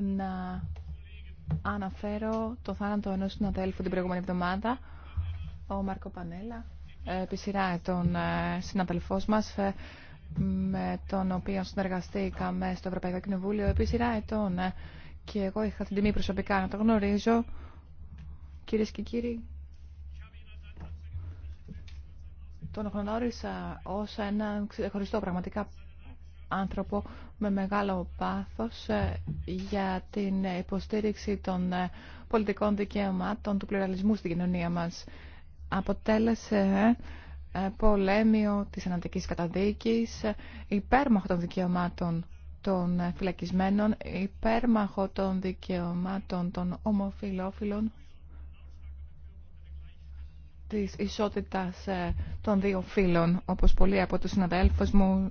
να αναφέρω το θάνατο ενός συναδέλφου την προηγούμενη εβδομάδα, ο Μάρκο Πανέλα, ε, επί σειρά τον ε, συναδελφός μας, ε, με τον οποίο συνεργαστήκαμε στο Ευρωπαϊκό Κοινοβούλιο επί σειρά ετών και εγώ είχα την τιμή προσωπικά να το γνωρίζω. Κυρίε και κύριοι, τον γνώρισα ως έναν ξεχωριστό πραγματικά άνθρωπο με μεγάλο πάθος ε, για την υποστήριξη των ε, πολιτικών δικαιωμάτων, του πλουραλισμού στην κοινωνία μας. Αποτέλεσε ε, πολέμιο της ανατικής καταδίκης, υπέρμαχο των δικαιωμάτων των φυλακισμένων, υπέρμαχο των δικαιωμάτων των ομοφιλόφιλων, της ισότητας των δύο φύλων, όπως πολλοί από τους συναδέλφους μου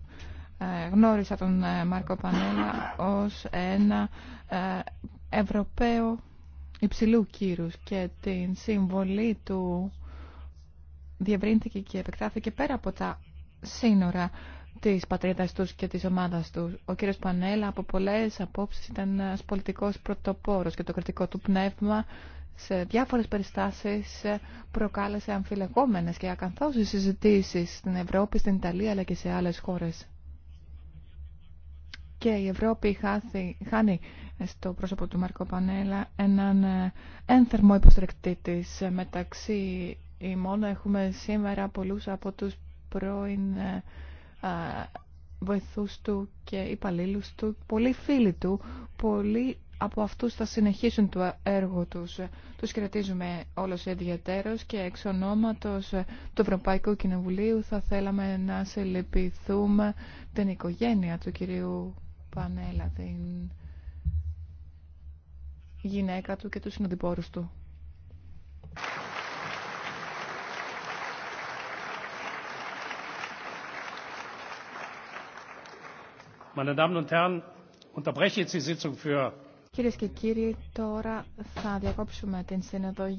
ε, γνώρισα τον ε, Μάρκο Πανέλα ως ένα ε, Ευρωπαίο υψηλού κύρους και την συμβολή του διευρύνθηκε και επεκτάθηκε πέρα από τα σύνορα της πατρίδας τους και της ομάδας του. Ο κύριος Πανέλα από πολλές απόψεις ήταν ένας πολιτικός πρωτοπόρος και το κριτικό του πνεύμα σε διάφορες περιστάσεις προκάλεσε αμφιλεγόμενες και ακαθώσεις συζητήσεις στην Ευρώπη, στην Ιταλία αλλά και σε άλλες χώρες και η Ευρώπη χάνει στο πρόσωπο του Μαρκο Πανέλα έναν ε, ένθερμο υποστρεκτή της. Ε, μεταξύ ημών έχουμε σήμερα πολλούς από τους πρώην ε, βοηθούς του και υπαλλήλου του, πολλοί φίλοι του, πολλοί από αυτούς θα συνεχίσουν το έργο τους. Τους κρατίζουμε όλος ιδιαίτερος και εξ ονόματος του Ευρωπαϊκού Κοινοβουλίου θα θέλαμε να συλληπιθούμε την οικογένεια του κυρίου Πανέλα, δηλαδή, την γυναίκα του και του συνοδοιπόρους του. Κυρίες και κύριοι, τώρα θα διακόψουμε την σύνοδο